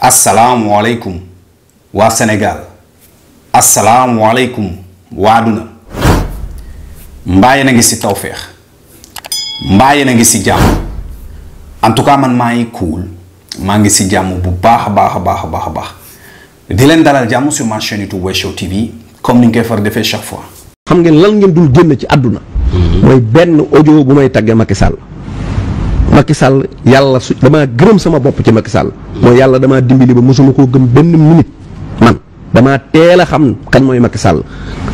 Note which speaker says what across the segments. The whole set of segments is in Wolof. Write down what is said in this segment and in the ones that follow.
Speaker 1: asalaamualeykum waa Sénégal asalaamualeykum waa duna mbaa yéen a ngi si tawféex mbaa yéen a ngi si jàmm en tout cas man maa ngi cool maa ngi si jàmm bu baax a baax a baax a baax baax di leen dalal jàmm sur ma chaîne Show TV comme ni ñu koy
Speaker 2: far defee chaque fois. xam ngeen lan ngeen dul génn ci àdduna. Mm-hmm. mooy benn audio bu may taggee Macky Sall Macky sàll yàlla damaa gërëm sama bopp ci Macky sàll mooy yàlla damaa dimbali ba mosuma koo gëm benn minute man damaa teel xam kan mooy Macky sàll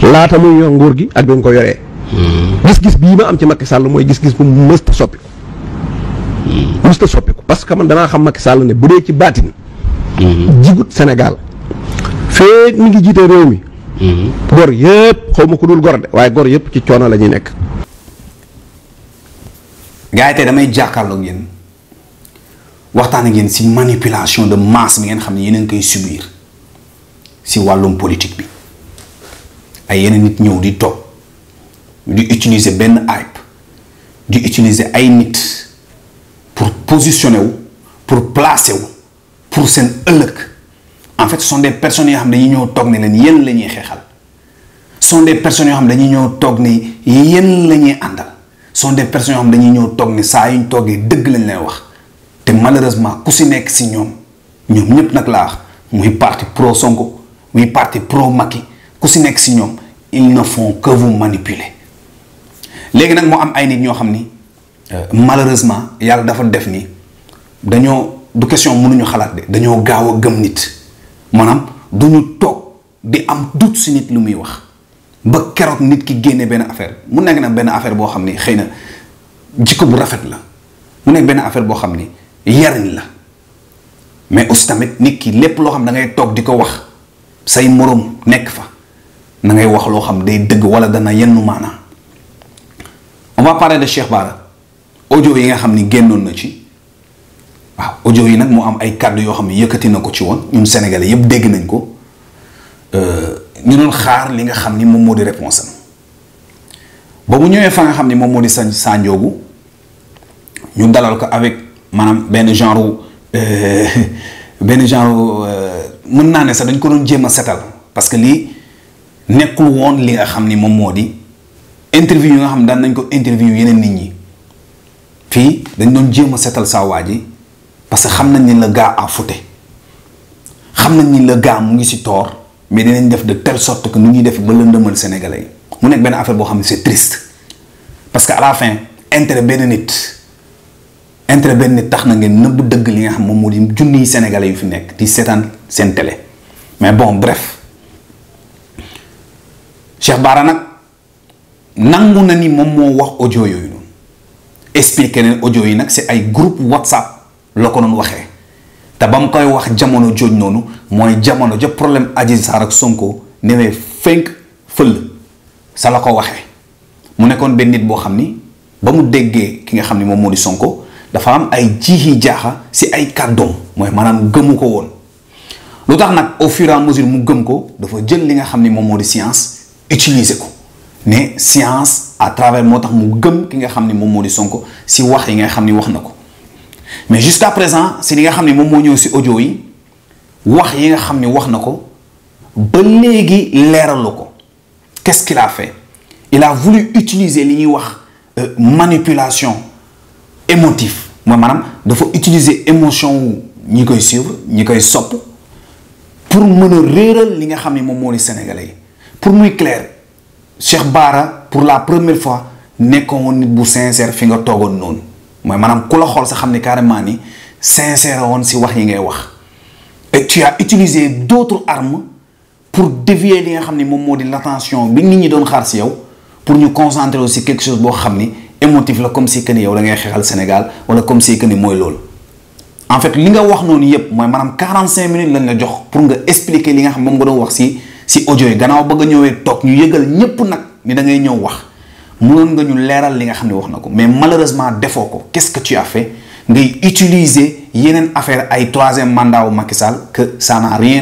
Speaker 2: laata muy yor gi ak bi mu ko yoree. Hmm. gis-gis bii ma am ci Macky sàll mooy gis-gis bu mësta soppiku. Hmm. mësta soppiku parce que man damaa xam Macky Sall ne bu dee ci baatin. Hmm. jigut Sénégal. fee mi ngi jiite réew mi. gor yëpp xaw ma ko dul gor de waaye gor yëpp ci coono la ñuy nekk.
Speaker 1: gars yi tey damay jàkkaarloo ngeen waxtaan ngeen ci manipulation de masse bi ngeen xam ne yéen koy subir ci wàllum politique bi ay yeneen nit ñëw di toog di utiliser benn hype di utiliser ay nit pour positionner wu pour placer wu pour seen ëllëg en fait ce sont yoo xam ne dañuy ñëw toog ne leen yéen la ñuy xeexal ce sont des personnes yoo xam ne dañuy ñëw toog ne yéen la ñuy àndal. son des personnes yoo xam dañuy ñëw toog ni saa yuñ toogee dëgg lañ lay wax te malheureusement ku si nekk si ñoom ñoom ñëpp nag laa muy parti pro Sonko muy parti pro Macky ku si nekk si ñoom ils ne font que vous manipuler léegi nag moo am ay nit ñoo xam ni malheureusement yàlla dafa def nii dañoo du question mënuñu xalaat de dañoo gaaw a gëm nit maanaam du ñu toog di am doute si nit lu muy wax. ba keroot nit ki génne benn affaire mu nekk nag benn affaire boo xam ni xëy na jikko bu rafet la mu nekk benn affaire boo xam ni yariñ la mais aussi tamit nit ki lépp loo xam da ngay toog di ko wax say moroom nekk fa na ngay wax loo xam day dëgg wala dana yenn maanaa on va parler de Cheikh Bara audio yi nga xam ni génnoon na ci waaw audio yi nag moo am ay kàddu yoo xam ne yëkkati na ko ci woon ñun Sénégalais yëpp dégg nañ ko. Euh, ñu doon xaar li nga xam ni moom moo di réponse am ñëwee fa nga xam ni moom moo di sa sànjoogu ñu dalal ko avec maanaam benn genre euh, benn genre euh, mën naa ne sax dañ ko doon jéem a setal parce que lii nekkul woon li nga xam ni moom moo di interview yi nga xam daan nañ ko interview yeneen nit ñi fii dañ doon jéem a setal saa waa ji parce que xam nañ ni le gars a fauté xam nañ ni le gars mu ngi si tort mais dinañ def de telle sorte que nu ñuy def ba lëndëmal sénégalais yi mu nekk benn affaire boo xam ne c'est triste parce que à la fin intérêt benn nit intérêt benn nit tax na ngeen nëbb dëgg li nga xam moom moo di junniy sénégalais yu fi nekk di seetaan seen télé mais bon bref Cheikh Bara nag nangu na ni moom moo wax audio yooyu noonu expliqué leen audio yi nag c'est ay groupe WhatsApp la ko doon waxee. te ba mu koy wax jamono jooj noonu mooy jamono ja problème Adji Sarr ak Sonko newee fenk fël sa la ko waxee mu nekkoon benn nit boo xam ni ba mu déggee ki nga xam ni moom moo di Sonko dafa am ay jiixi jaaxa si ay kàddoom mooy maanaam gëmu ko woon lu tax nag au fur et mu gëm ko dafa jël li nga xam ni moom moo di science utiliser ko ne science à travers moo tax mu gëm ki nga xam ni moom moo di Sonko si wax yi nga xam ni wax na ko mais jusqu'à présent si li nga xam ne moom moo ñëw si ojo yi wax yi nga xam ne wax na ko ba léegi leeralu ko qu'est-ce qu'il a fait il a voulu utiliser li ñuy wax euh, manipulation émotive mooy maanaam dafa utiliser émotion wu ñi koy suivre ñi koy sopp pour mën a réeral li nga xam ne moom moo di sénégalais yi pour muy clair Cheikh Bara pour la première fois nekkoon nit bu sincère fi nga toogoon noonu mooy maanaam ku la xool sa xam ni carrément ni sincère woon si wax yi ngay wax et tu as utilisé d'autres armes pour dévier li nga xam ni moom moo di l'attention bi nit ñi doon xaar si yow pour ñu concentrer aussi quelque chose boo xam ni émotif la comme si que ni yow da ngay xeexal Sénégal wala comme si que mooy loolu en fait li nga wax noonu yépp mooy maanaam 45 minutes lañ la jox pour nga expliquer li nga xam moom nga doon wax si si audio yi gannaaw ba nga toog ñu yëgal ñépp nag ni da ngay ñëw wax mu mënoon nga ñu leeral li nga xam ne wax na ko mais malheureusement defoo ko qu'est-ce que tu as ay troisième mandat wu Macky Sall que ça n'a ak li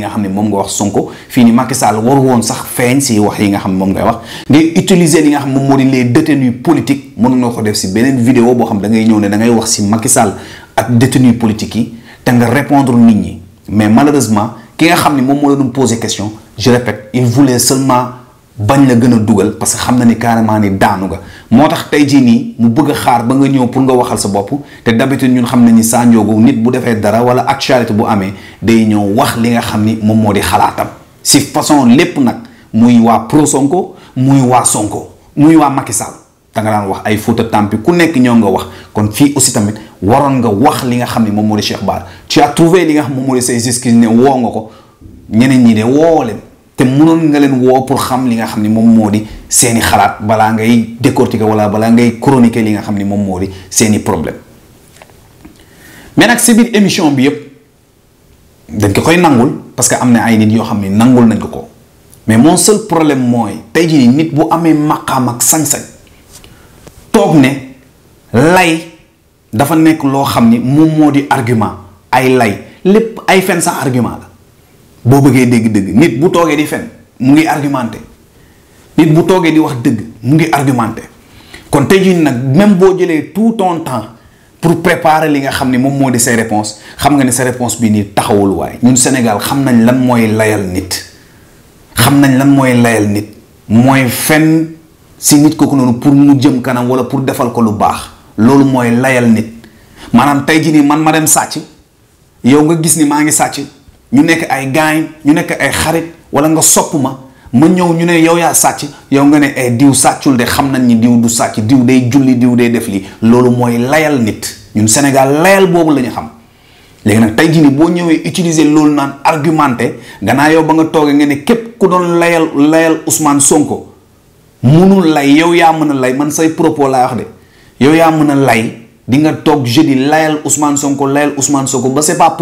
Speaker 1: nga xam ne moom nga wax Sonko fii ni Macky Sall waru woon sax feeñ si wax yi nga xam ne moom ngay wax ngay utiliser li nga xam moom moo di les détenus politiques mënoon nga ko def si beneen vidéo boo xam da ngay ñëw ne da ngay wax si Macky Sall ak détenus politiques yi te nga nit ñi mais malheureusement ki nga xam ne moom moo la doon poser question je répète il voulait seulement bañ la gën a dugal parce que xam na ni carrément ni daanu nga moo tax tey jii nii mu bëgg xaar ba nga ñëw pour nga waxal sa bopp te d'habitude ñun xam nañu Sa Ndiogou nit bu defee dara wala actualité bu amee day ñëw wax li nga xam ni moom moo di xalaatam si façon lépp nag muy waa pro Sonko muy waa Sonko muy waa Macky Sall da wax ay Fouta ku nekk ñëw nga wax kon fii aussi tamit waroon nga wax li nga xam ne moom moo di Cheikh Bara tu as li nga xam moom moo di say excuses ne woo nga ko ñeneen ñi de woo leen te mënoon nga leen woo pour xam li nga xam ni moom moo di seeni xalaat balaa ngay décortiquer wala balaa ngay chroniquer li nga xam ni moom moo di seeni problème mais nag si émission bi yëpp dañ ko koy nangul parce que am na ay nit yoo xam ni nangul nañ ko ko mais mon seul problème mooy tey jii nit bu amee maqaam ak sañ-sañ toog ne lay dafa nekk loo xam ni moom moo di argument ay lay lépp ay fen sax argument la boo bëggee dégg dégg nit bu toogee di fen mu ngi argumenté nit bu toogee di wax dëgg mu ngi argumenté kon tey jii nag même boo jëlee tout ton temps pour préparer li nga xam ne moom moo di say réponse xam nga ne sa réponse bi nii taxawul waaye ñun Sénégal xam nañ lan mooy layal nit xam nañ lan mooy layal nit mooy fen si nit kooku noonu pour mu jëm kanam wala pour defal ko lu baax loolu mooy layal nit maanaam tey ji nii man ma dem sàcc yow nga gis ni maa ngi sàcc ñu nekk ay gaañ ñu nekk ay xarit wala nga sopp ma ma ñëw ñu ne yow yaa sàcc yow nga ne ay eh, diw sàccul de xam nañ ni diw du sàcc diw day julli diw day def lii loolu mooy layal nit ñun Sénégal layal boobu la ñu xam léegi nag tey jii boo ñëwee utiliser loolu naan argumenté gannaaw yow ba nga toogee nga ne képp ku doon layal layal Ousmane Sonko munul lay yow yaa mën a lay man say propos laa wax de yow yaa mën a lay di nga toog jeudi layal Ousmane Sonko layal Ousmane Sonko ba c'est pas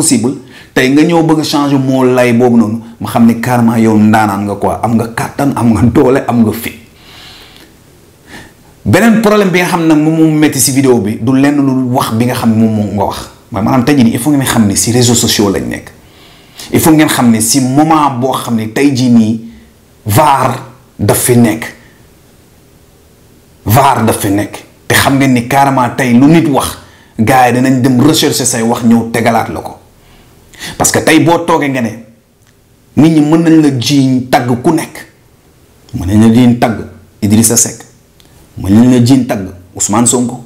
Speaker 1: tey nga ñëw bëgg changer moo lay boobu noonu ma xam ne carrément yow ndaanaan nga ko am nga kàttan am nga doole am nga fit beneen problème bi nga xam ne moom moo métti si vidéo bi du lenn lu wax bi nga xam ne moom moo nga wax mooy maanaam tey jii nii xam ne si réseaux sociaux lañ nekk il faut xam ne si moment boo xam ne tey jii nii vaar daf fi nekk vaar daf fi nekk te xam ngeen ni carrément tey lu nit wax gars yi danañ dem rechercher say wax ñëw tegalaat la ko. parce que tey boo toogee nga ne nit ñi mën nañ la jiiñ tagg ku nekk mën nañ la jiiñ tagg Idrissa Seck mën nañ la jiiñ tagg Ousmane Sonko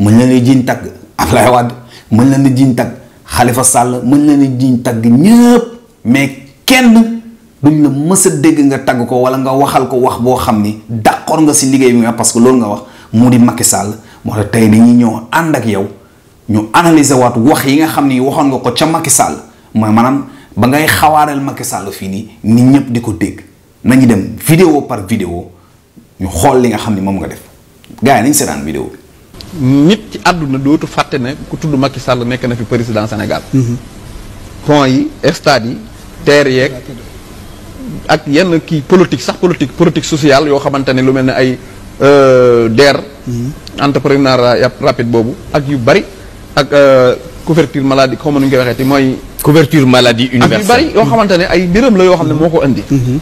Speaker 1: mën nañ la jiiñ tagg Abdoulaye Wade mën nañ la jiiñ tagg xalifa Sall mën nañ la jiiñ tagg ñëpp mais kenn duñ la mës dégg nga tagg ko wala nga waxal ko wax boo xam ni d'accord nga si liggéey bi nga parce que loolu nga wax mu di Macky sàll moo tax tey dañuy ñëw ànd ak yow ñu analyser waat wax yi nga xam ni waxoon nga ko ca Macky Sall mooy maanaam ba ngay xawaareel Macky Sall fii nii nit ñëpp di ko dégg nañu dem vidéo par vidéo ñu xool li nga xam ni moom nga def gaa yi nañ seetaan vidéo bi.
Speaker 2: nit ci àdduna dootu fàtte ne ku tudd makki Sall nekk na fi président Sénégal. Mhm. pont yi stade yi terre yeeg. ak yenn kii politique sax politique politique sociale yoo xamante ne lu mel ni ay euh, DER. Mhm. entrepreneuriat rapide boobu. ak yu bari ak euh, couverture maladie xaw ma nu ñu koy ti mooy. couverture maladie universelle ak yu bëri yoo xamante ne ay biram la yoo xam ne moo ko indi. Mm-hmm.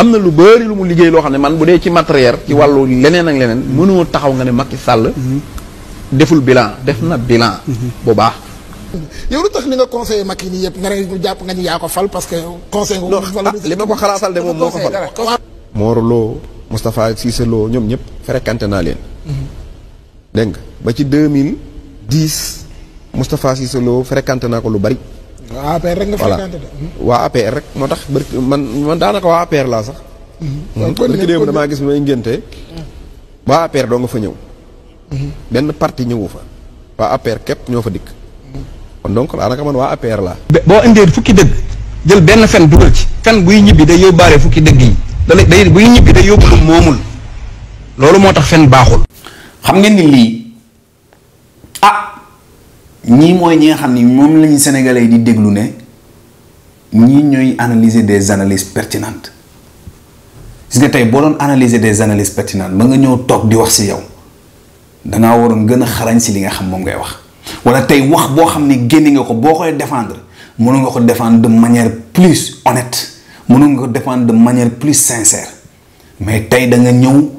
Speaker 2: am na lu bari lu mu liggéey loo xam ne man bu dee ci matériel ci mm-hmm. wàllu leneen ak leneen mm-hmm. mënoo taxaw nga ne Macky Sall. deful bilan def na bilan. bu baax. yow lu tax ni nga conseillé Macky nii yëpp nga ñu jàpp nga ñu yaa ko fal parce que conseil nga. Ah, li ko xalaatal de moom moo ko fal. Mor Lo Moustapha Cissé Lo ñoom ñëpp fréquenté naa leen. dégg nga ba ci 2010 Moustapha Cissé Lo fréquenté naa ko lu bari. waa APR rek nga fréquenté hmm. waa APR rek moo tax barki man man daanaka waa APR laa sax. Hmm. Hmm. kon barki damaa gis may ngénte waa APR doo nga fa ñëw. benn parti ñëwu fa. waa APR képp ñoo fa dikk. kon donc daanaka man waa APR laa. boo indee fukki dëgg jël benn fen dugal ci. fen buy ñibbi day fukki dëgg yi. da day buy ñibbi day yóbbu lu moomul. loolu moo tax fen baaxul. xam nga ni lii
Speaker 1: ah, ñii mooy ñi nga xam ni moom lañu sénégalais yi di déglu ne ñii ñooy analyser des analyses pertinentes si nga tey boo doon analyser des analyses pertinentes ba nga ñëw toog di wax si yow dangaa waroon gën a xarañ si li nga xam moom ngay wax wala tey wax boo xam ne génne nga ko boo koy défendre mënu nga ko défendre de manière plus honnête mënu nga ko défendre de manière plus sincère mais tey da nga ñëw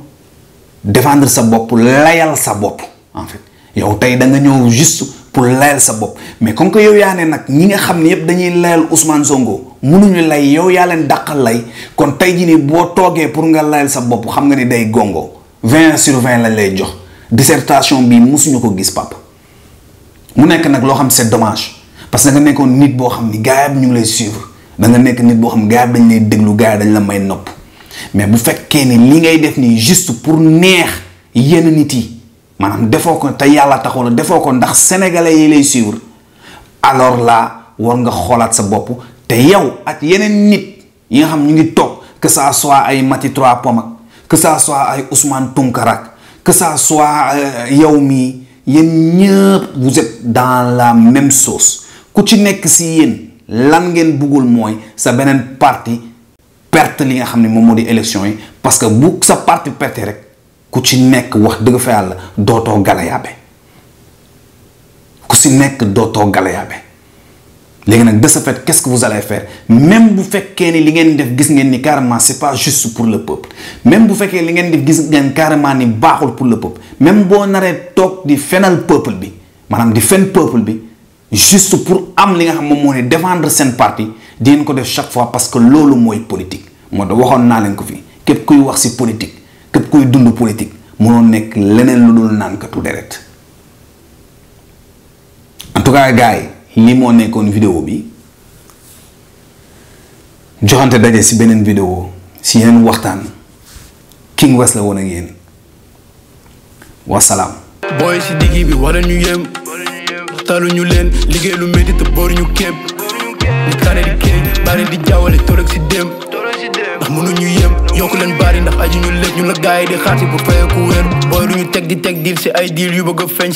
Speaker 1: défendre sa bopp layal sa bopp en fait yow tey da ñëw pour layal sa bopp mais comme que yow yaa ne nag ñi nga xam ne yëpp dañuy layal Ousmane Sonko mënuñu lay yow yaa leen daqal lay kon tey jii nii boo toogee pour nga layal sa bopp xam nga ni day gongo vingt sur 20 lañ lay jox dissertation bi mosuñu ko gis pap mu nekk nag loo xam c'est dommage parce que nga nekkoon nit boo xam ni gaayab ñu ngi lay suivre danga nekk nit boo xam gaayab dañ lay déglu gaayab dañ la may nopp mais bu fekkee ni li ngay def nii juste pour neex yenn nit yi. maanaam defoo ko te yàlla taxaw la defoo ko ndax sénégalais yi lay suivre alors la war nga xoolaat sa bopp te yow ak yeneen nit yi nga xam ñu ngi toog que ça soit ay Mati Trois Pommes que ça soit ay Ousmane Tounkara que ça soit euh, yow mii yéen ñëpp vous dans la même sauce ku ci nekk si yéen lan ngeen buggul mooy sa beneen parti perte li nga xam ne moom moo di élection yi parce que bu sa parti perte rek. ku ci nekk wax dëgg fa yàlla dootoo galayaabe ku ci nekk dootoo galayaabe léegi nag de ce fait qu'est-ce vous allez faire même bu fekkee ni li ngeen def gis ngeen ni carrément c'est pas juste pour le peuple même bu fekkee li ngeen def gis ngeen carrément ni baaxul pour la peuple même boo naree toog di fenal peuple bi maanaam di fen peuple bi juste pour am li nga xam moom moo ne defendre seen parti di ngeen ko def chaque fois parce que loolu mooy politique moo tax naa leen ko fii képp kuy wax ci politique. képp kuy dund politique mënoo nekk leneen lu dul naan deret en tout cas gars yi lii moo nekkoon vidéo bi joxante daje si beneen vidéo si yeneen waxtaan King West la woon ak yéen wasalaam.
Speaker 2: booy si digg bi wala ñu yem taluñu leen liggéey lu métti te boor ñu képp. bari di jaawale toog si dem. ndax mënuñu yem
Speaker 1: yokk leen ndax aji ñu lépp ñu la gaay di xaati bu fayeku wér booy duñu teg di teg diil si ay diil yu bëgg a